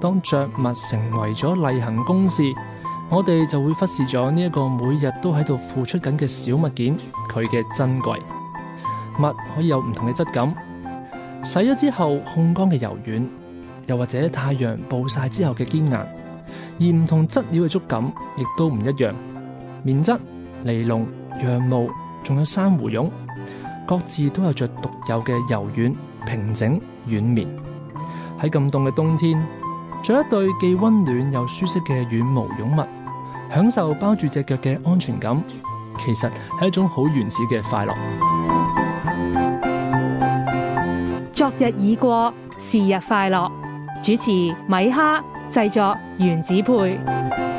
當着襪成為咗例行公事，我哋就會忽視咗呢一個每日都喺度付出緊嘅小物件，佢嘅珍貴。襪可以有唔同嘅質感，洗咗之後控乾嘅柔軟，又或者太陽暴曬之後嘅堅硬。而唔同質料嘅觸感亦都唔一樣。棉質、尼龍、羊毛，仲有珊瑚絨，各自都有着獨有嘅柔軟、平整、軟綿。喺咁凍嘅冬天。著一對既溫暖又舒適嘅軟毛絨襪，享受包住隻腳嘅安全感，其實係一種好原始嘅快樂。昨日已過，是日快樂。主持米哈，製作原子配。